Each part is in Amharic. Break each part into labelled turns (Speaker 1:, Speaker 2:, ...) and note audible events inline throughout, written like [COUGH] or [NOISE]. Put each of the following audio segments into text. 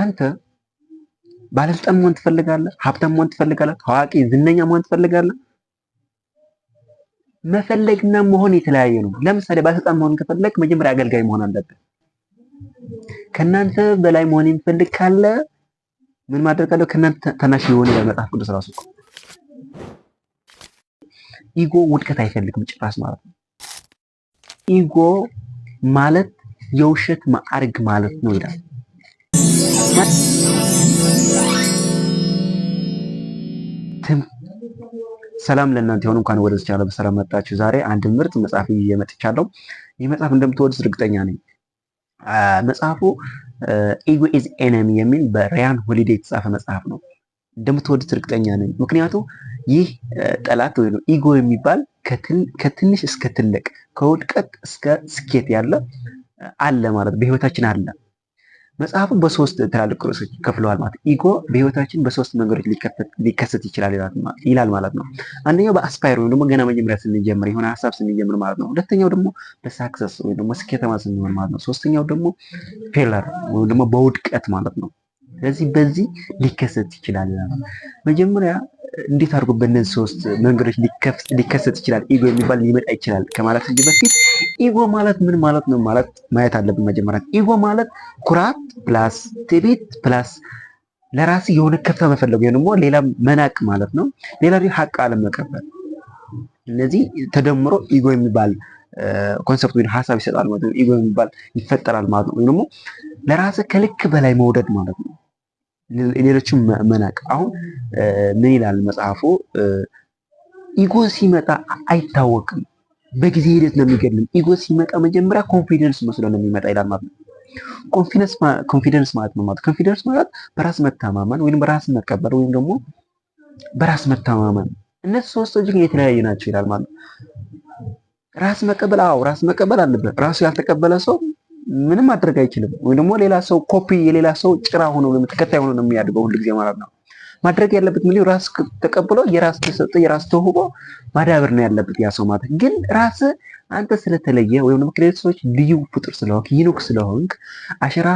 Speaker 1: አንተ ባለስልጣን መሆን ትፈልጋለህ? ሀብታም መሆን ትፈልጋለህ? ታዋቂ ዝነኛ መሆን ትፈልጋለህ? መፈለግና መሆን የተለያየ ነው። ለምሳሌ ባለስልጣን መሆን ከፈለግ መጀመሪያ አገልጋይ መሆን አለብህ። ከእናንተ በላይ መሆን የሚፈልግ ካለ ምን ማድረግ አለው? ከእናንተ ተናሽ የሆነ መጽሐፍ ቅዱስ ራሱ ኢጎ ውድቀት አይፈልግም ጭራስ ማለት ነው። ኢጎ ማለት የውሸት ማዕርግ ማለት ነው ይላል። ሰላም ለእናንተ የሆኑ እንኳን ወደ ቻናል በሰላም መጣችሁ። ዛሬ አንድ ምርጥ መጽሐፍ ይዤ መጥቻለሁ። ይህ መጽሐፍ እንደምትወዱት እርግጠኛ ነኝ። መጽሐፉ ኢጎ ኢዝ ኤነሚ የሚል በራያን ሆሊዴ የተጻፈ መጽሐፍ ነው። እንደምትወዱት እርግጠኛ ነኝ። ምክንያቱም ይህ ጠላት ወይ ኢጎ የሚባል ከትንሽ እስከ ትልቅ ከውድቀት እስከ ስኬት ያለ አለ ማለት በህይወታችን አለ መጽሐፉን በሶስት ትላልቅ ርዕሶች ይከፍለዋል ማለት ኢጎ በህይወታችን በሶስት መንገዶች ሊከሰት ይችላል ይላል ማለት ነው። አንደኛው በአስፓይር ወይም ደግሞ ገና መጀመሪያ ስንጀምር የሆነ ሀሳብ ስንጀምር ማለት ነው። ሁለተኛው ደግሞ በሳክሰስ ወይም ደግሞ ስኬታማ ስንሆን ማለት ነው። ሶስተኛው ደግሞ ፌለር ወይም ደግሞ በውድቀት ማለት ነው። ስለዚህ በዚህ ሊከሰት ይችላል። መጀመሪያ እንዴት አድርጎ በእነዚህ ሶስት መንገዶች ሊከሰት ይችላል ኢጎ የሚባል ሊመጣ ይችላል ከማለት እንጂ በፊት ኢጎ ማለት ምን ማለት ነው ማለት ማየት አለብን። መጀመሪያ ኢጎ ማለት ኩራት ፕላስ ትዕቢት ፕላስ ለራስ የሆነ ከፍታ መፈለግ ወይም ደግሞ ሌላ መናቅ ማለት ነው። ሌላ ሀቅ አለመቀበል፣ እነዚህ ተደምሮ ኢጎ የሚባል ኮንሰፕት ወይም ሀሳብ ይሰጣል ማለት ነው። ኢጎ የሚባል ይፈጠራል ማለት ነው። ወይም ደግሞ ለራስ ከልክ በላይ መውደድ ማለት ነው። ሌሎችም መናቅ። አሁን ምን ይላል መጽሐፉ? ኢጎ ሲመጣ አይታወቅም፣ በጊዜ ሂደት ነው የሚገድልም። ኢጎ ሲመጣ መጀመሪያ ኮንፊደንስ መስሎ ነው የሚመጣ ይላል ማለት ነው። ኮንፊደንስ ማለት ነው ማለት ኮንፊደንስ ማለት በራስ መተማመን ወይም በራስ መቀበል ወይም ደግሞ በራስ መተማመን፣ እነዚህ ሶስት እጅግ የተለያዩ ናቸው ይላል ማለት ነው። ራስ መቀበል፣ አዎ ራስ መቀበል አለበት። ራሱ ያልተቀበለ ሰው ምንም ማድረግ አይችልም። ወይም ደግሞ ሌላ ሰው ኮፒ የሌላ ሰው ጭራ ሆኖ ወይም ተከታይ ሆኖ ነው የሚያድገው ጊዜ ማለት ነው። ማድረግ ያለበት ምን ራስ ተቀብሎ የራስ ተሰጠ የራስ ተውቦ ማዳበር ነው ያለበት ያ ሰው ማለት ግን ራስ አንተ ስለተለየ ወይም ደግሞ ከሌሎች ሰዎች ልዩ ፍጡር ስለሆንክ ዩኒክ ስለሆንክ አሸራ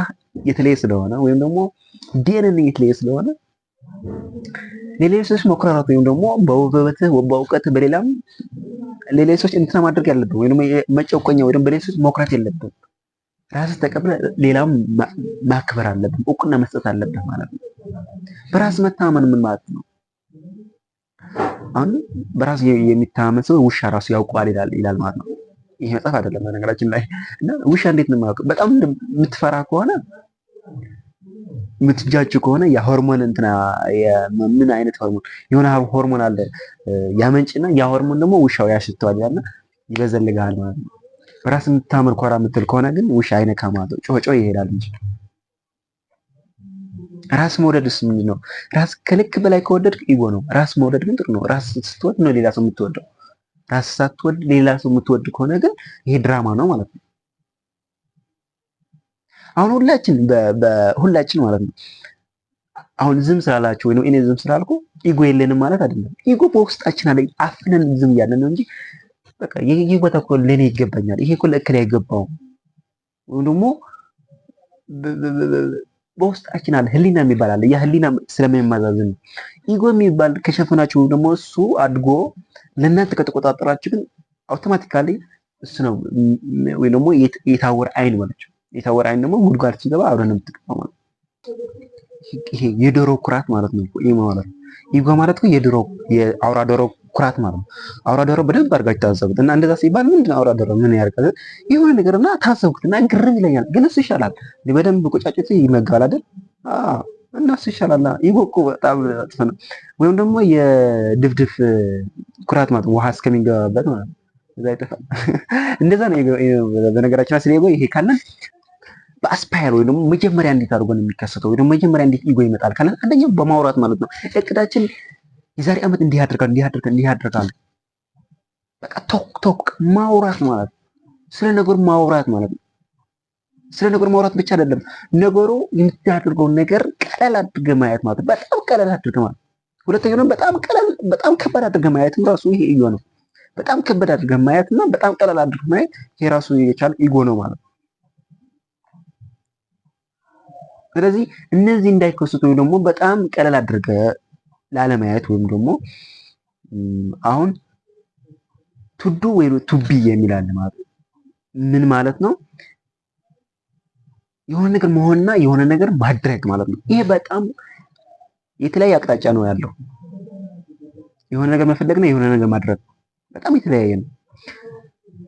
Speaker 1: የተለየ ስለሆነ ወይም ደግሞ ዲኤንኤ የተለየ ስለሆነ ለሌሎች ሰዎች መኩራራት ወይም ደግሞ በውበትህ በእውቀትህ በሌላም ለሌሎች ሰዎች እንትና ማድረግ ያለብን ወይም መጨቆኛ ወይም በሌሎች ሰዎች መኩራት የለብን። ራስህ ተቀብለ ሌላውም ማክበር አለብን፣ እውቅና መስጠት አለብህ ማለት ነው። በራስ መታመን ምን ማለት ነው? አሁን በራስ የሚታመን ሰው ውሻ ራሱ ያውቀዋል ይላል ይላል ማለት ነው። ይሄ መጽሐፍ አይደለም በነገራችን ላይ እና ውሻ እንዴት ነው የማያውቀው? በጣም የምትፈራ ከሆነ የምትጃችሁ ከሆነ የሆርሞን እንትና ምን አይነት ሆርሞን የሆነ ሆርሞን አለ ያመንጭና ያ ሆርሞን ደግሞ ውሻው ያሽተዋል እና ይበዘልጋል ማለት ነው። በራስ የምታምር ኮራ የምትል ከሆነ ግን ውሻ አይነ ማለት ጮጮ ይሄዳል እንጂ ራስ መውደድስ ምን ነው? ራስ ከልክ በላይ ከወደድ ኢጎ ነው። ራስ መውደድ ግን ጥሩ ነው። ራስ ስትወድ ነው ሌላ ሰው የምትወደው። ራስ ሳትወድ ሌላ ሰው የምትወድ ከሆነ ግን ይሄ ድራማ ነው ማለት ነው። አሁን ሁላችን በሁላችን ማለት ነው አሁን ዝም ስላላችሁ ወይ እኔ ዝም ስላልኩ ኢጎ የለንም ማለት አይደለም። ኢጎ በውስጣችን አለ። አፍነን ዝም እያለን ነው እንጂ በቃ ይህ ቦታ እኮ ለእኔ ይገባኛል፣ ይሄ እኮ ለእክል አይገባውም። ወይም ደግሞ በውስጣችን አለ ህሊና የሚባል አለ። ያ ህሊና ስለሚያመዛዝን ኢጎ የሚባል ከሸፈናችሁ ወይም ደግሞ እሱ አድጎ ለእናንተ ከተቆጣጠራችሁ ግን አውቶማቲካሊ እሱ ነው ወይ ደግሞ የታወር አይን በላቸው። የታወር አይን ደግሞ ጉድጓድ ሲገባ አብረን ማለት ይሄ የዶሮ ኩራት ማለት ነው። ይሄ ማለት ነው። ይጎ ማለት የዶሮ የአውራ ዶሮ ኩራት ማለት ነው። አውራ ዶሮ በደንብ አድርጋችሁ ታዘቡት እና እንደዛ ሲባል ምንድን አውራ ዶሮ ምን ያርቀዘ የሆነ ነገር እና ታዘብኩት እና ግርም ይለኛል። ግን እሱ ይሻላል፣ በደንብ ቁጫጭት ይመገባል አይደል? እና እሱ ይሻላል። ይቦቁ በጣም ጥፍ ነው። ወይም ደግሞ የድፍድፍ ኩራት ማለት ውሃ እስከሚገባበት ማለት ነው። እዛ ይጠፋል። [LAUGHS] እንደዛ ነው በነገራችን ላይ ስለጎ ይሄ ካለን በአስፓየር ወይ ደግሞ መጀመሪያ እንዴት አድርጎ ነው የሚከሰተው? ወይ ደግሞ መጀመሪያ እንዴት ኢጎ ይመጣል ካለን አንደኛው በማውራት ማለት ነው። እቅዳችን የዛሬ ዓመት እንዲህ ያደርጋል እንዲህ ያደርጋል እንዲህ ያደርጋል። በቃ ቶክ ቶክ ማውራት ማለት ስለ ነገሩ ማውራት ማለት ነው። ስለ ነገሩ ማውራት ብቻ አይደለም፣ ነገሩ የምታደርገውን ነገር ቀለል አድርገ ማየት ማለት በጣም ቀለል አድርገ ማለት ሁለተኛው ደግሞ በጣም ቀለል በጣም ከባድ አድርገህ ማየትም ራሱ ይሄ ኢጎ ነው። በጣም ከባድ አድርገ ማየት እና በጣም ቀለል አድርገ ማየት ይሄ ራሱ የቻለ ኢጎ ነው ማለት ስለዚህ እነዚህ እንዳይከሰቱ ደግሞ በጣም ቀለል አድርገህ ላለማየት ወይም ደግሞ አሁን ቱዱ ወይ ቱቢ የሚላል ማለት ነው። ምን ማለት ነው? የሆነ ነገር መሆንና የሆነ ነገር ማድረግ ማለት ነው። ይሄ በጣም የተለያየ አቅጣጫ ነው ያለው። የሆነ ነገር መፈለግና የሆነ ነገር ማድረግ በጣም የተለያየ ነው።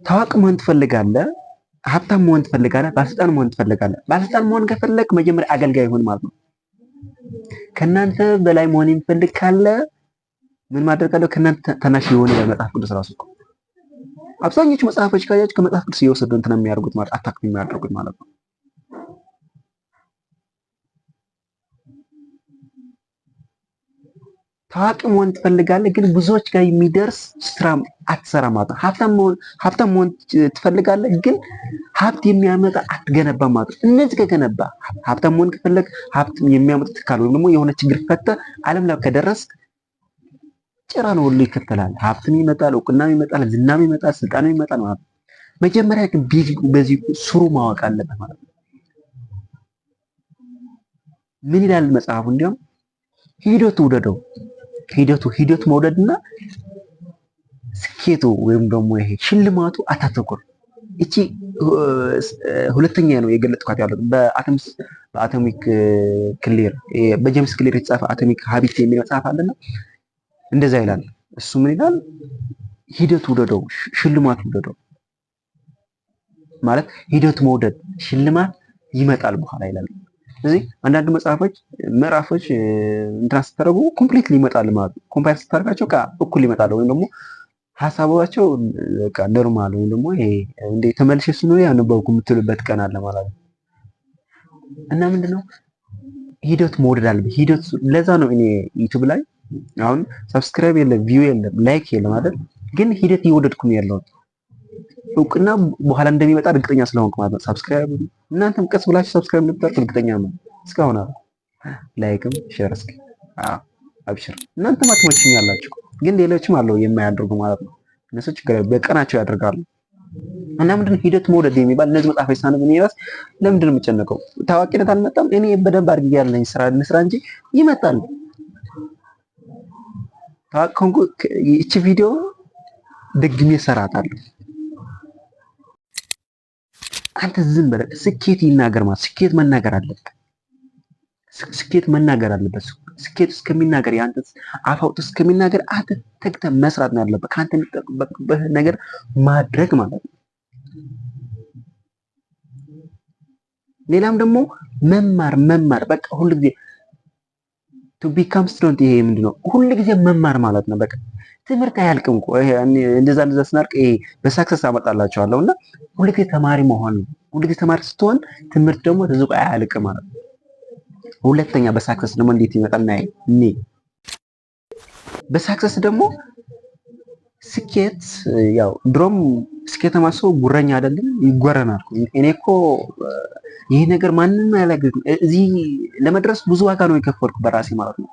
Speaker 1: ታዋቂ መሆን ትፈልጋለህ፣ ሀብታም መሆን ትፈልጋለህ፣ ባለስልጣን መሆን ትፈልጋለህ። ባለስልጣን መሆን ከፈለግ መጀመሪያ አገልጋይ ይሆን ማለት ነው። ከእናንተ በላይ መሆን የሚፈልግ ካለ ምን ማድረግ አለው? ከእናንተ ታናሽ የሆነ መጽሐፍ ቅዱስ ራሱ አብዛኞቹ መጽሐፎች ካያችሁ ከመጽሐፍ ቅዱስ እየወሰዱ እንትን የሚያደርጉት ማለት አታክት የሚያደርጉት ማለት ነው። ታዋቂ መሆን ትፈልጋለህ፣ ግን ብዙዎች ጋር የሚደርስ ስራ አትሰራ ማለት ነው። ሀብታም መሆን ትፈልጋለህ፣ ግን ሀብት የሚያመጣ አትገነባ ማለት ነው። እነዚህ ከገነባ ሀብታም መሆን ከፈለግ ሀብት የሚያመጣ ትካል ወይም ደግሞ የሆነ ችግር ፈተ አለም ላይ ከደረስ ጭራ ነው ሁሉ ይከተላል። ሀብትም ይመጣል፣ እውቅናም ይመጣል፣ ዝናም ይመጣል፣ ስልጣንም ይመጣል ማለት ነው። መጀመሪያ ግን ቤዚኩ በዚህ ስሩ ማወቅ አለበት ማለት ነው። ምን ይላል መጽሐፉ? እንዲያውም ሂደት ውደደው ሂደቱ ሂደት መውደድና ስኬቱ ወይም ደግሞ ይሄ ሽልማቱ አታተኩር። እቺ ሁለተኛ ነው የገለጥኳት ያለው በአተምስ በአቶሚክ ክሊር በጀምስ ክሊር የተጻፈ አቶሚክ ሀቢት የሚል መጽሐፍ አለና እንደዛ ይላል። እሱ ምን ይላል? ሂደቱ ውደደው፣ ሽልማት ውደደው። ማለት ሂደት መውደድ፣ ሽልማት ይመጣል በኋላ ይላል። ስለዚህ አንዳንድ መጽሐፎች ምዕራፎች እንትና ስታደረጉ ኮምፕሊት ሊመጣል ማለት ነው። ኮምፓይር ስታደርጋቸው እኩል ይመጣል ወይም ደግሞ ሀሳባቸው ኖርማል ወይም ደግሞ ይሄ እንደ ተመልሼ ስኖ ያነበብኩ የምትሉበት ቀን አለ ማለት ነው። እና ምንድነው ሂደት መውደድ ሂደት። ለዛ ነው እኔ ዩቱብ ላይ አሁን ሰብስክራይብ የለም ቪው የለም ላይክ የለም አይደል? ግን ሂደት እየወደድኩ ነው ያለሁት እውቅና በኋላ እንደሚመጣ እርግጠኛ ስለሆንክ ማለት ነው። ሰብስክራይብ እናንተም ቀስ ብላችሁ ሰብስክራይብ ልብታችሁ እርግጠኛ ነው። እስካሁን አ ላይክም ሼር እስኪ አብሽር። እናንተ አትመችም ያላችሁ ግን ሌሎችም አለው የማያደርጉ ማለት ነው። እነሱ ችግር በቀናቸው ያደርጋሉ። እና ምንድን ሂደት መውደድ የሚባል እነዚህ መጽሐፍ ሳን ምን ይላል? ለምንድን የምጨነቀው? ታዋቂነት አልመጣም። እኔ በደንብ አድርጌ ያለኝ ስራ ንስራ እንጂ ይመጣል። ታዋቂ ከሆንኩ ይቺ ቪዲዮ ደግሜ እሰራታለሁ። አንተ ዝም በለ። ስኬት ይናገር ማለት ስኬት መናገር አለበት። ስኬት መናገር አለበት። ስኬት እስከሚናገር የአንተ አፋውጥ እስከሚናገር አንተ ተግተህ መስራት ነው ያለበት። ከአንተ የሚጠበቅበት ነገር ማድረግ ማለት ነው። ሌላም ደግሞ መማር መማር በቃ ሁሉ ሁልጊዜ ቱ ቢካም ስትሮንት ይሄ ምንድነው? ሁልጊዜ መማር ማለት ነው በቃ ትምህርት አያልቅም እኮ እንደዛ እንደዛ ስናርቅ በሳክሰስ አመጣላቸዋለሁ እና ሁልጊዜ ተማሪ መሆን ሁልጊዜ ተማሪ ስትሆን ትምህርት ደግሞ ተዝቆ አያልቅም ማለት ነው። ሁለተኛ በሳክሰስ ደግሞ እንዴት ይመጣል ና እኔ በሳክሰስ ደግሞ ስኬት ያው ድሮም ስኬታማ ሰው ጉረኛ አይደለም ይጎረናል። እኔ እኮ ይህ ነገር ማንም አያላግም እዚህ ለመድረስ ብዙ ዋጋ ነው የከፈልኩ በራሴ ማለት ነው።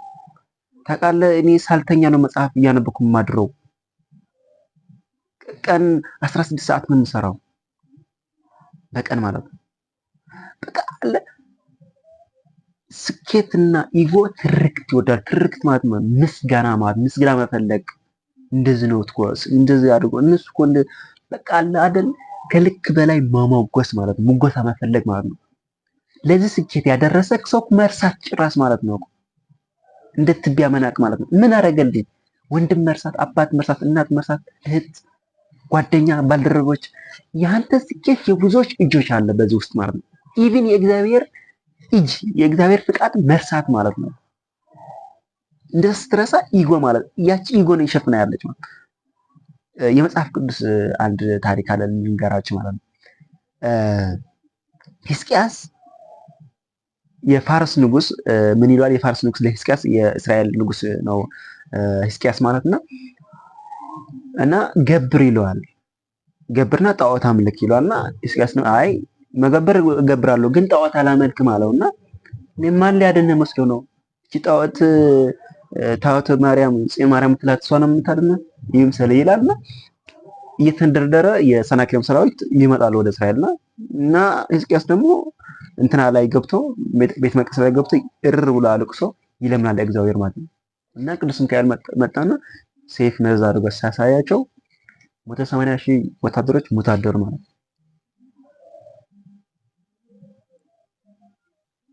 Speaker 1: ታውቃለህ፣ እኔ ሳልተኛ ነው መጽሐፍ እያነበኩ የማድረው። ቀን 16 ሰዓት ነው የምሰራው በቀን ማለት ነው። በቃ አለ ስኬትና ኢጎ ትርክት ይወዳል። ትርክት ማለት ምስጋና ማለት ምስጋና መፈለግ እንደዚህ ነው ትኮስ እንደዚህ አድርጎ እነሱ እኮ እንደ በቃ አለ አይደል ከልክ በላይ መሞገስ ማለት ነው። ሙገሳ መፈለግ ማለት ነው። ለዚህ ስኬት ያደረሰ ሰው መርሳት ጭራስ ማለት ነው። እንደትቢያ መናቅ ማለት ነው። ምን አረገልኝ? ወንድም መርሳት፣ አባት መርሳት፣ እናት መርሳት፣ እህት፣ ጓደኛ፣ ባልደረቦች። የአንተ ስኬት የብዙዎች እጆች አለ በዚህ ውስጥ ማለት ነው። ኢቭን የእግዚአብሔር እጅ የእግዚአብሔር ፍቃድ መርሳት ማለት ነው። እንደ ስትረሳ ኢጎ ማለት ያቺ ኢጎ ነው ይሸፍና ያለች ማለት የመጽሐፍ ቅዱስ አንድ ታሪክ አለ ልንገራችሁ ማለት ነው። ሂስቅያስ የፋርስ ንጉስ ምን ይሏል? የፋርስ ንጉስ ለሂስቅያስ የእስራኤል ንጉስ ነው ሂስቅያስ ማለት ነው። እና ገብር ይለዋል። ገብርና ጣዖት አምልክ ይለዋልና ሂስቅያስ ነው አይ መገበር እገብራለሁ ግን ጣዖት አላመልክም አለው እና ማን ሊያድን መስሎ ነው እቺ ጣዖት ታወት ማርያም ጽዮን ማርያም ትላት እሷ ነው የምታድነ ይህም ስለ ይላልና እየተንደረደረ የሰናክሬም ሰራዊት ይመጣሉ ወደ እስራኤልና እና ሂስቅያስ ደግሞ እንትና ላይ ገብቶ ቤተ መቅደስ ላይ ገብቶ እር ብሎ አልቅሶ ይለምናል እግዚአብሔር ማለት ነው። እና ቅዱስ ሚካኤል መጣና ሴፍ መዛ አድርጎ ሲያሳያቸው ሞተ ሰማንያ ሺህ ወታደሮች ሙት አደሩ ማለት ነው።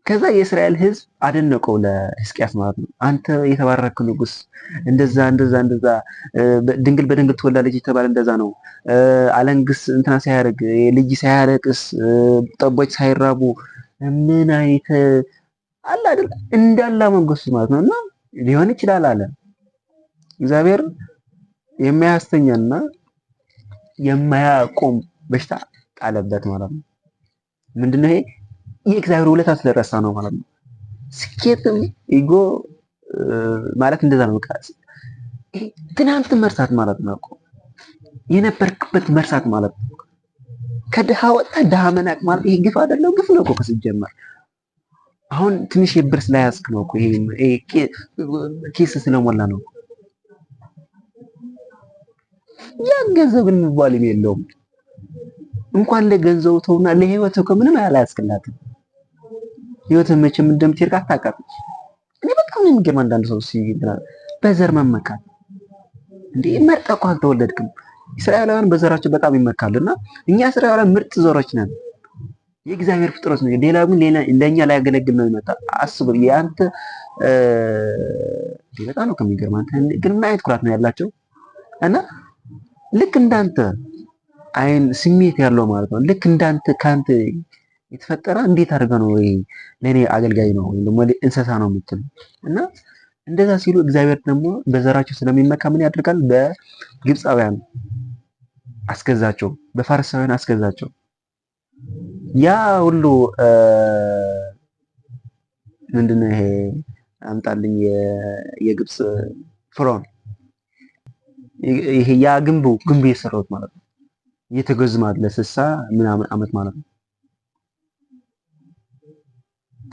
Speaker 1: ከዛ የእስራኤል ህዝብ አደነቀው ለህዝቅያስ ማለት ነው። አንተ የተባረክ ንጉስ፣ እንደዛ እንደዛ እንደዛ ድንግል በድንግል ትወላለች የተባለ እንደዛ ነው። አለንግስ እንትና ሳያደርግ ልጅ ሳያለቅስ ጠቦች ሳይራቡ ምን አይተ አለ አይደል እንዳላ መንገሱ ማለት ነው። እና ሊሆን ይችላል አለ እግዚአብሔር የማያስተኛና የማያቆም በሽታ ጣለበት ማለት ነው። ምንድነው ይሄ? የእግዚአብሔር ውለታ ስለረሳ ነው ማለት ነው። ስኬትም ኢጎ ማለት እንደዛ ነው። በቃ መርሳት ማለት ነው የነበርክበት መርሳት ማለት ነው። ከድሃ ወጣ ድሃ መናቅ ማለት ይሄ ግፍ አይደለው? ግፍ ነው እኮ ሲጀመር። አሁን ትንሽ የብር ስላያዝክ ነው እኮ ይሄ ኬስ ስለሞላ ነው። ያን ገንዘብ የሚባል የለውም። እንኳን ለገንዘቡ ተውና ለህይወቱ ከምንም አያላያስክላትም። ህይወትን መቼም እንደምትሄድ አታውቃትም። እኔ በጣም ነው የሚገርም አንዳንድ ሰው ሲይዝናል በዘር መመካት እንዴ መርጠህ እኮ አልተወለድክም። እስራኤላውያን በዘራቸው በጣም ይመካሉና እኛ እስራኤላውያን ምርጥ ዘሮች ነን። የእግዚአብሔር ፍጥረት ነው። ሌላ ግን ሌላ ለኛ ላያገለግል ነው ይመጣ አስቡ ያንተ በጣም ነው ከሚገርም አንተ ግን ምን አይነት ኩራት ነው ያላቸው እና ልክ እንዳንተ አይን ስሜት ያለው ማለት ነው ልክ እንዳንተ ካንተ የተፈጠረ እንዴት አድርገ ነው ወይ ለእኔ አገልጋይ ነው ወይም ደግሞ እንስሳ ነው የምትል እና እንደዛ ሲሉ እግዚአብሔር ደግሞ በዘራቸው ስለሚመካ ምን ያደርጋል? በግብፃውያን አስገዛቸው፣ በፋርሳውያን አስገዛቸው። ያ ሁሉ ምንድነው ይሄ አምጣልኝ የግብፅ ፍሮን ይሄ ያ ግንቡ ግንቡ የሰራሁት ማለት ነው። እየተገዝ ማለት ለስሳ ምናምን አመት ማለት ነው።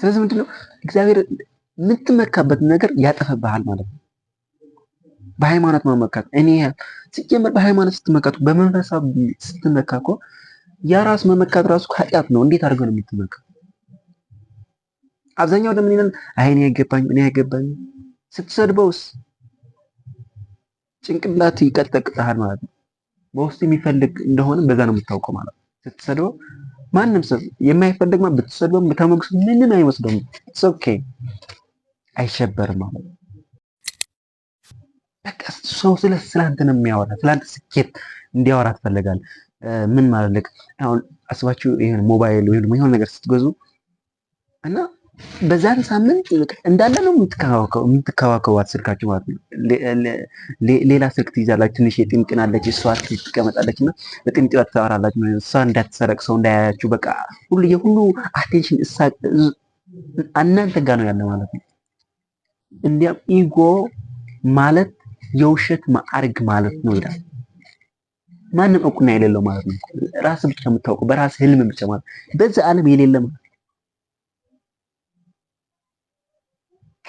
Speaker 1: ስለዚህ ምንድነው እግዚአብሔር የምትመካበት ነገር ያጠፈብሃል ማለት ነው። በሃይማኖት መመካት እኔ ሲጀምር በሃይማኖት ስትመካት በመንፈሳዊ ስትመካ እኮ ያ ራሱ መመካት ራሱ ኃጢአት ነው። እንዴት አድርገው ነው የምትመካ አብዛኛው ደግሞ እኔን አይ እኔ አይገባኝም፣ እኔ ስትሰድበውስ ጭንቅላት ይቀጠቅጠሃል ማለት ነው። በውስጡ የሚፈልግ እንደሆነ በዛ ነው የምታውቀው ማለት ነው ስትሰድበው ማንም ሰው የማይፈልግ ማ ብትሰድበም ብታመግሱ ምንም አይወስደውም። ኢትስ ኦኬ አይሸበርም ማለት በቃ ሰው ስለ ስላንተ ነው የሚያወራ ስላንተ ስኬት እንዲያወራ ትፈልጋል። ምን ማለት አሁን አስባችሁ ይሄን ሞባይል ወይ የሆነ ነገር ስትገዙ እና በዛን ሳምንት እንዳለ ነው የምትከዋከቧት ስልካችሁ ማለት ነው። ሌላ ስልክ ትይዛላችሁ። ትንሽ የጢምጥን አለች፣ እሷ ትቀመጣለች እና በጢምጢዋ ትታወራላችሁ። እሷ እንዳትሰረቅ፣ ሰው እንዳያያችሁ፣ በቃ ሁሉ የሁሉ አቴንሽን እናንተ ጋ ነው ያለ ማለት ነው። እንዲያም ኢጎ ማለት የውሸት ማዕርግ ማለት ነው ይላል። ማንም እውቅና የሌለው ማለት ነው። ራስ ብቻ የምታውቀው በራስ ህልም ብቻ ማለት በዛ ዓለም የሌለ ማለት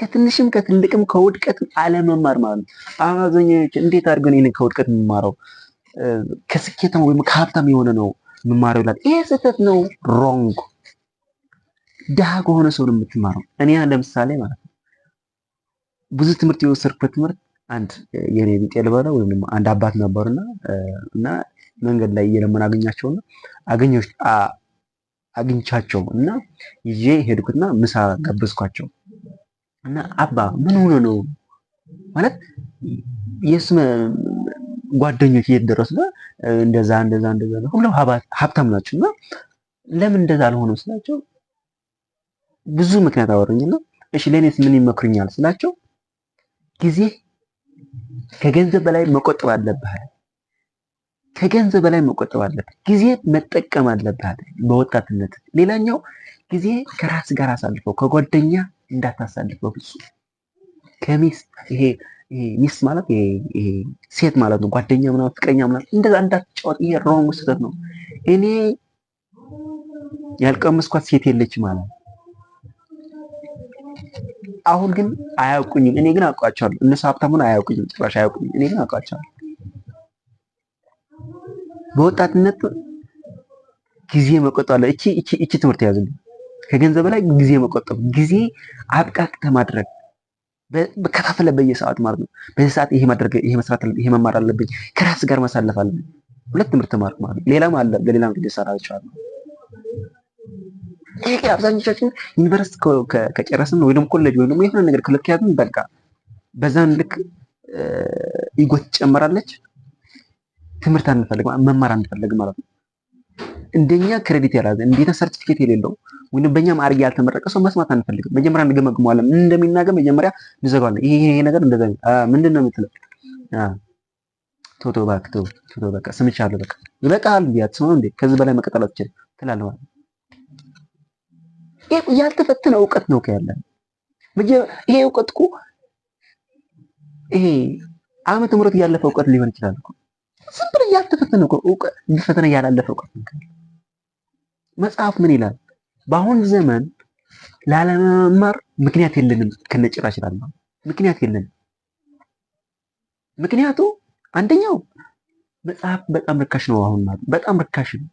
Speaker 1: ከትንሽም ከትልቅም ከውድቀት አለመማር ማለት ነው። አብዛኛዎች እንዴት አድርገን ይህንን ከውድቀት የምማረው ከስኬታም ወይም ከሀብታም የሆነ ነው የምማረው ይላል። ይሄ ስህተት ነው። ሮንግ ድሃ ከሆነ ሰው ነው የምትማረው። እኔ ለምሳሌ ማለት ነው ብዙ ትምህርት የወሰድኩበት ትምህርት አንድ የኔ ቢጤ ወይም አንድ አባት ነበሩና እና መንገድ ላይ እየለመን አገኛቸውና አገኞች አግኝቻቸው እና ይዤ ሄድኩትና ምሳ ጋበዝኳቸው። እና አባ ምን ሆኖ ነው ማለት የእሱ ጓደኞች እየተደረሱ ደረሱ? እንደዛ እንደዛ እንደዛ ሁሉም ሀብታም ናቸው እና ለምን እንደዛ አልሆነም ስላቸው ብዙ ምክንያት አወሩኝና እሺ ለእኔስ ምን ይመክሩኛል ስላቸው ጊዜ ከገንዘብ በላይ መቆጠብ አለብህ፣ ከገንዘብ በላይ መቆጠብ አለብህ፣ ጊዜ መጠቀም አለብህ በወጣትነት። ሌላኛው ጊዜ ከራስ ጋር አሳልፈው ከጓደኛ እንዳታሳልፈው በፍጹም ከሚስ ይሄ ማለት ሴት ማለት ነው። ጓደኛ ምናምን ፍቅረኛ ምናምን እንደዛ እንዳትጫወት። ይሄ ሮንግ ስህተት ነው። እኔ ያልቀመስኳት ሴት የለች ማለት ነው። አሁን ግን አያውቁኝም፣ እኔ ግን አውቃቸዋለሁ። እነሱ ሀብታሙን አያውቁኝም፣ ጭራሽ አያውቁኝም። እኔ ግን አውቃቸዋለሁ። በወጣትነት ጊዜ መቆጠብ እቺ እቺ ትምህርት ያዝልኝ። ከገንዘብ ላይ ጊዜ መቆጠብ፣ ጊዜ አብቃቅተ ማድረግ በከፋፈለ በየሰዓት ማለት ነው። በዚህ ሰዓት ይሄ ማድረግ ይሄ መስራት ይሄ መማር አለብኝ፣ ከራስ ጋር መሳለፍ አለብኝ። ሁለት ትምህርት ተማርኩ ማለት ነው። ሌላም አለ ለሌላም ጊዜ ሰራቸዋል። ይሄ አብዛኞቻችን ዩኒቨርስቲ ከጨረስን ወይ ደግሞ ኮሌጅ ወይ ደግሞ የሆነ ነገር ከለከያዝን በቃ በዛን ልክ ኢጎት ትጨመራለች። ትምህርት አንፈልግ መማር አንፈልግ ማለት ነው። እንደኛ ክሬዲት ያላዘ እንዴታ ሰርቲፊኬት የሌለው ወይም በእኛ ማዕረግ ያልተመረቀ ሰው መስማት አንፈልግም። መጀመሪያ እንገመግመዋለን። ምን እንደሚናገር መጀመሪያ እንዘጋዋለን። ይሄ ይሄ ነገር እንደዛ ምንድን ነው የምትለው? ቶቶ ባክ ቶ ቶቶ በቃ ስምቻለሁ፣ በቃ ይበቃል። ቢያት ሰው እንዴ ከዚህ በላይ መቀጠል አትችልም ትላለህ ማለት ይሄ ያልተፈተነ እውቀት ነው ከያለ ይሄ እውቀት እኮ ይሄ አመት ምሮት ያለፈ እውቀት ሊሆን ይችላል እኮ ዝም ብለህ ያልተፈተነ እውቀት ፈተና ያላለፈ እውቀት ነው። መጽሐፍ ምን ይላል? በአሁን ዘመን ላለመማር ምክንያት የለንም ከነጭራሽ ይላል። ምክንያት የለንም። ምክንያቱ አንደኛው መጽሐፍ በጣም ርካሽ ነው። አሁን ማለት በጣም ርካሽ ነው።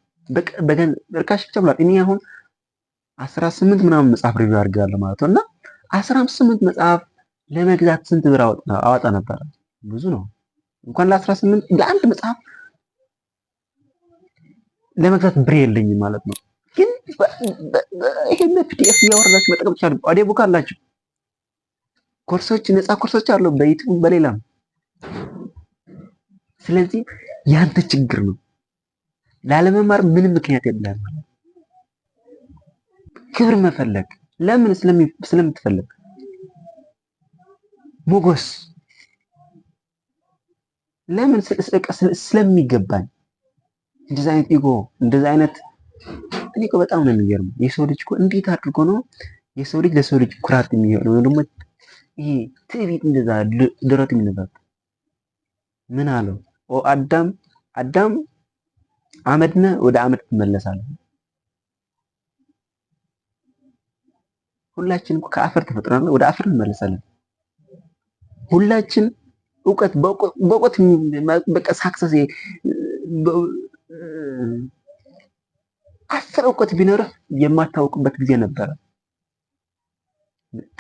Speaker 1: ርካሽ ብቻ ብሏል። እኔ አሁን አስራ ስምንት ምናምን መጽሐፍ ሪቪው አድርጋለሁ ማለት ነው እና አስራ ስምንት መጽሐፍ ለመግዛት ስንት ብር አወጣ ነበረ? ብዙ ነው። እንኳን ለአስራ ስምንት ለአንድ መጽሐፍ ለመግዛት ብር የለኝም ማለት ነው። ግን ይሄን ፒዲኤፍ እያወረዳችሁ መጠቀም ይችላሉ። ኦዲዮ ቡክ አላችሁ፣ ኮርሶች፣ ነፃ ኮርሶች አሉ በዩቲዩብ በሌላም። ስለዚህ ያንተ ችግር ነው። ላለመማር ምንም ምክንያት የለም። ክብር መፈለግ ለምን ስለምትፈለግ ሞገስ ለምን ስለሚገባን እንደዚህ አይነት ኢጎ እንደዚህ አይነት እኔ በጣም ነው የሚገርመው። የሰው ልጅ እኮ እንዴት አድርጎ ነው የሰው ልጅ ለሰው ልጅ ኩራት የሚሆነው? ወይ ደግሞ ይሄ ትዕቢት እንደዛ ድረት የሚነዛት ምን አለው? ኦ አዳም አዳም አመድነ ወደ አመድ ትመለሳለህ። ሁላችንም ከአፈር ተፈጥረናል፣ ወደ አፈር እንመለሳለን። ሁላችን እውቀት በእውቀት በቃ ሳክሰስ አስር እውቀት ቢኖርህ የማታውቅበት ጊዜ ነበረ።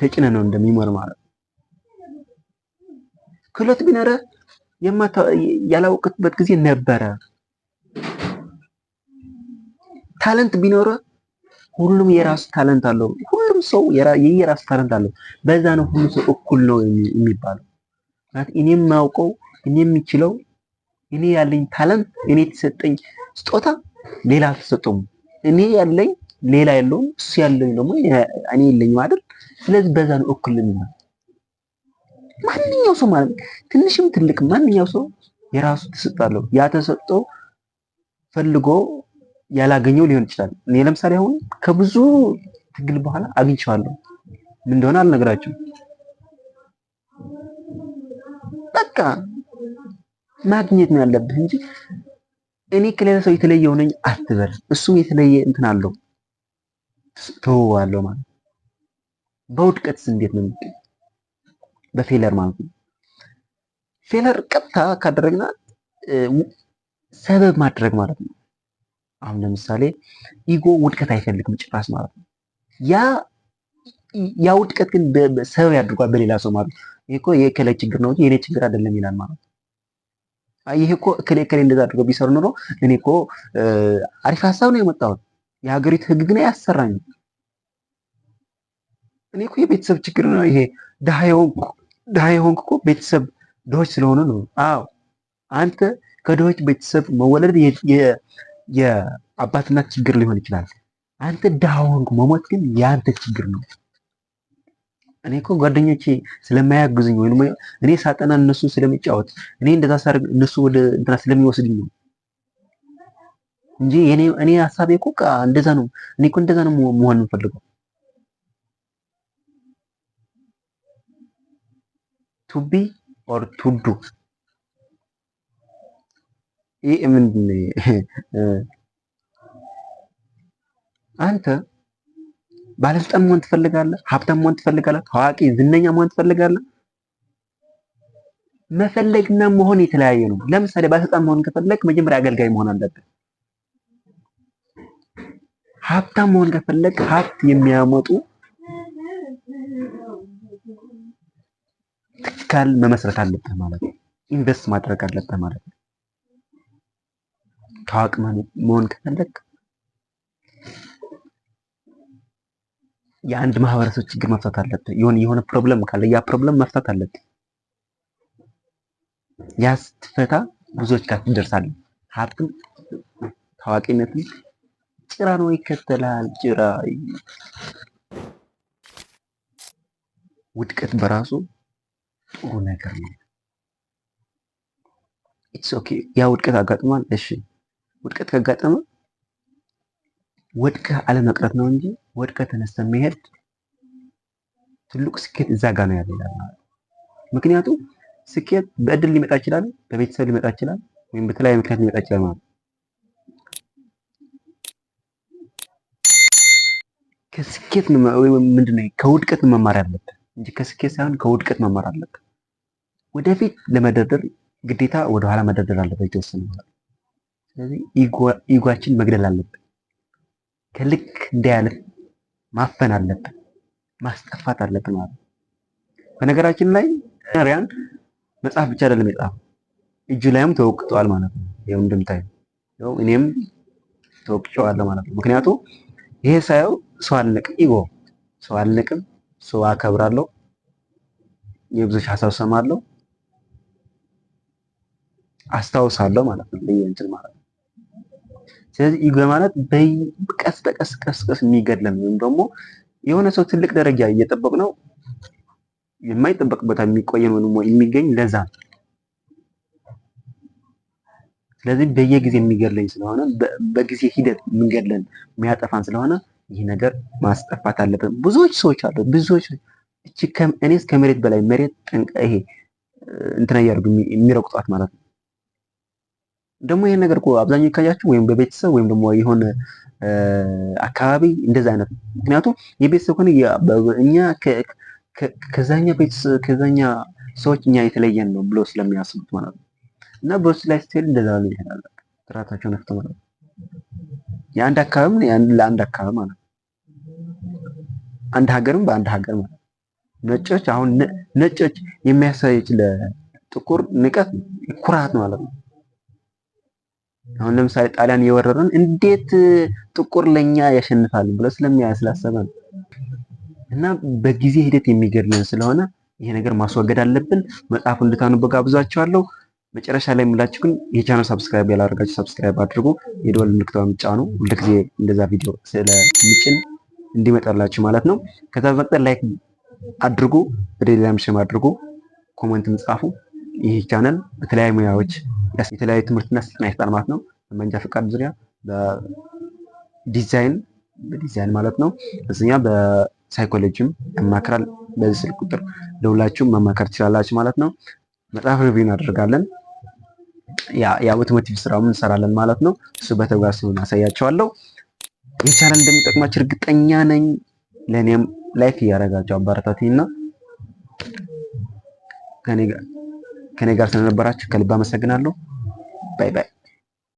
Speaker 1: ተጭነ ነው እንደሚሞር ማለት ክህሎት ቢኖርህ ያላውቅበት ጊዜ ነበረ። ታለንት ቢኖርህ ሁሉም የራሱ ታለንት አለው። ሁሉም ሰው የየራሱ ታለንት አለው። በዛ ነው ሁሉ ሰው እኩል ነው የሚባለው። ማለት እኔም የማውቀው እኔ የምችለው እኔ ያለኝ ታለንት እኔ የተሰጠኝ ስጦታ ሌላ አልተሰጠውም። እኔ ያለኝ ሌላ ያለውም እሱ ያለኝ ደግሞ እኔ የለኝም አይደል? ስለዚህ በዛ ነው እኩልና ማንኛው ሰው ማለት ትንሽም ትልቅ ማንኛው ሰው የራሱ ተሰጣለው ያ ፈልጎ ያላገኘው ሊሆን ይችላል። እኔ ለምሳሌ አሁን ከብዙ ትግል በኋላ አግኝቼዋለሁ። ምን እንደሆነ አልነግራችሁም። በቃ ማግኘት ነው ያለብህ እንጂ እኔ ከሌላ ሰው የተለየው ነኝ አትበል። እሱም የተለየ እንትን አለው ተውዋለው ማለት በውድቀትስ እንዴት ነው የሚገኝ? በፌለር ማለት ነው። ፌለር ቀጥታ ካደረግና ሰበብ ማድረግ ማለት ነው። አሁን ለምሳሌ ኢጎ ውድቀት አይፈልግም ጭራስ ማለት ነው። ያ ያ ውድቀት ግን ሰበብ ያድርጓል በሌላ ሰው ማለት ነው። ይሄ እኮ የከለ ችግር ነው እንጂ የኔ ችግር አይደለም ይላል ማለት ነው። ይሄ እኮ እከሌ እከሌ እንደዛ አድርገው ቢሰሩ ኖሮ እኔ እኮ አሪፍ ሀሳብ ነው የመጣሁት፣ የሀገሪቱ ህግ ግን ያሰራኝ። እኔ እኮ የቤተሰብ ችግር ነው ይሄ። ድሀ የሆንክ እኮ ቤተሰብ ድሆች ስለሆኑ ነው። አዎ አንተ ከድሆች ቤተሰብ መወለድ የአባትናት ችግር ሊሆን ይችላል። አንተ ድሀ ሆንክ መሞት ግን የአንተ ችግር ነው። እኔ እኮ ጓደኞቼ ስለማያግዙኝ ወይም እኔ ሳጠና እነሱ ስለሚጫወት እኔ እንደዛ ሳደርግ እነሱ ወደ እንትና ስለሚወስድኝ ነው እንጂ እኔ እኔ ሀሳቤ እኮ እንደዛ ነው። እኔ እኮ እንደዛ ነው መሆን የምፈልገው። ቱቢ ኦር ቱዱ ይህ ምንድን [LAUGHS] አንተ ባለስልጣን መሆን ትፈልጋለህ? ሀብታም መሆን ትፈልጋለህ? ታዋቂ ዝነኛ መሆን ትፈልጋለህ? መፈለግና መሆን የተለያየ ነው። ለምሳሌ ባለስልጣን መሆን ከፈለግ መጀመሪያ አገልጋይ መሆን አለብህ። ሀብታም መሆን ከፈለግ ሀብት የሚያመጡ ትካል መመስረት አለብህ ማለት ነው። ኢንቨስት ማድረግ አለብህ ማለት ነው። ታዋቂ መሆን ከፈለግ የአንድ ማህበረሰብ ችግር መፍታት አለብህ። የሆነ የሆነ ፕሮብለም ካለ ያ ፕሮብለም መፍታት አለብህ። ያ ስትፈታ ብዙዎች ጋር ትደርሳለህ። ሀብትም ታዋቂነትም ጭራ ነው ይከተላል። ጭራ ውድቀት በራሱ ጥሩ ነገር ነው። ኢትስ ኦኬ። ያ ውድቀት አጋጥሟል። እሺ ውድቀት ካጋጠመ ወድቀህ አለመቅረት ነው እንጂ ወድቀህ ተነስተህ መሄድ ትልቁ ስኬት እዛ ጋር ነው ያለ ምክንያቱም ስኬት በእድል ሊመጣ ይችላል፣ በቤተሰብ ሊመጣ ይችላል፣ ወይም በተለያየ ምክንያት ሊመጣ ይችላል ማለት ከስኬት ምንድን ከውድቀት መማር አለብህ እንጂ ከስኬት ሳይሆን ከውድቀት መማር አለብህ። ወደፊት ለመደርደር ግዴታ ወደኋላ መደርደር አለበት የተወሰነ። ስለዚህ ኢጓችን መግደል አለብን። ከልክ እንዳያልፍ ማፈን አለብን፣ ማስጠፋት አለብን ማለት ነው። በነገራችን ላይ ሪያን መጽሐፍ ብቻ አይደለም የጻፈው እጁ ላይም ተወቅጠዋል ማለት ነው። ይኸው እንደምታዩ ይኸው እኔም ተወቅጨዋለሁ ማለት ነው። ምክንያቱ ይሄ ሳየው ሰው አልንቅም፣ ኢጎ ሰው አልንቅም፣ ሰው አከብራለሁ፣ የብዙዎች ሀሳብ ሰማለሁ፣ አስታውሳለሁ ማለት ነው። ልዩ እንትን ማለት ነው። ስለዚህ ኢጎ ማለት በቀስ በቀስ ቀስ ቀስ የሚገድለን ወይም ደግሞ የሆነ ሰው ትልቅ ደረጃ እየጠበቅ ነው የማይጠበቅ ቦታ የሚቆየን ወይም የሚገኝ ለዛ ነው። ስለዚህ በየጊዜ የሚገድለኝ ስለሆነ በጊዜ ሂደት የምንገድለን የሚያጠፋን ስለሆነ ይህ ነገር ማስጠፋት አለብን። ብዙዎች ሰዎች አሉ። ብዙዎች እኔ እስከ መሬት በላይ መሬት ጠንቀ ይሄ እንትን እያደረጉ የሚረግጧት ማለት ነው። ደግሞ ይሄን ነገር እኮ አብዛኛው ይካያችሁ ወይም በቤተሰብ ወይም ደግሞ የሆነ አካባቢ እንደዛ አይነት ነው። ምክንያቱም የቤተሰብ ሆነ እኛ ከዛኛ ቤተሰብ ከዛኛ ሰዎች እኛ የተለየን ነው ብሎ ስለሚያስቡት ማለት ነው። እና በሱ ላይ ስትሄድ እንደዛ ነው ይላል ራሳቸው ነፍተ ማለት ነው። የአንድ አካባቢ ለአንድ አካባቢ ማለት ነው። አንድ ሀገርም በአንድ ሀገር ማለት ነው። ነጮች አሁን ነጮች የሚያሳዩት ለጥቁር ንቀት ኩራት ማለት ነው። አሁን ለምሳሌ ጣሊያን እየወረረን እንዴት ጥቁር ለኛ ያሸንፋል ብለ ስለሚያስላሰበ ነው። እና በጊዜ ሂደት የሚገድለን ስለሆነ ይሄ ነገር ማስወገድ አለብን። መጽሐፉ እንድታነቡ ጋብዛችኋለሁ። መጨረሻ ላይ የምላችሁ ግን የቻናል ሰብስክራይብ ያላደረጋችሁ ሰብስክራይብ አድርጉ፣ የደወል ምልክቷን ጫኑ። ሁልጊዜ እንደዛ ቪዲዮ ስለምጭን እንዲመጣላችሁ ማለት ነው። ከዛ በመቀጠል ላይክ አድርጉ፣ በቴሌግራም ምሽም አድርጉ፣ ኮመንትም ጻፉ። ይህ ቻናል በተለያዩ ሙያዎች የተለያዩ ትምህርትና ስልጠና ይሰጣል ማለት ነው። በመንጃ ፈቃድ ዙሪያ በዲዛይን በዲዛይን ማለት ነው። እዚኛ በሳይኮሎጂም ያማክራል። በዚህ ስልክ ቁጥር ደውላችሁም መማከር ትችላላችሁ ማለት ነው። መጽሐፍ ሪቪው እናደርጋለን። የአውቶሞቲቭ ስራውን እንሰራለን ማለት ነው። እሱ በተግባር ሲሆን አሳያቸዋለሁ። ይህ ቻናል እንደሚጠቅማቸው እርግጠኛ ነኝ። ለእኔም ላይክ እያደረጋቸው አባረታትኝና ከኔ ጋር ከኔ ጋር ስለነበራችሁ ከልብ አመሰግናለሁ። ባይ ባይ።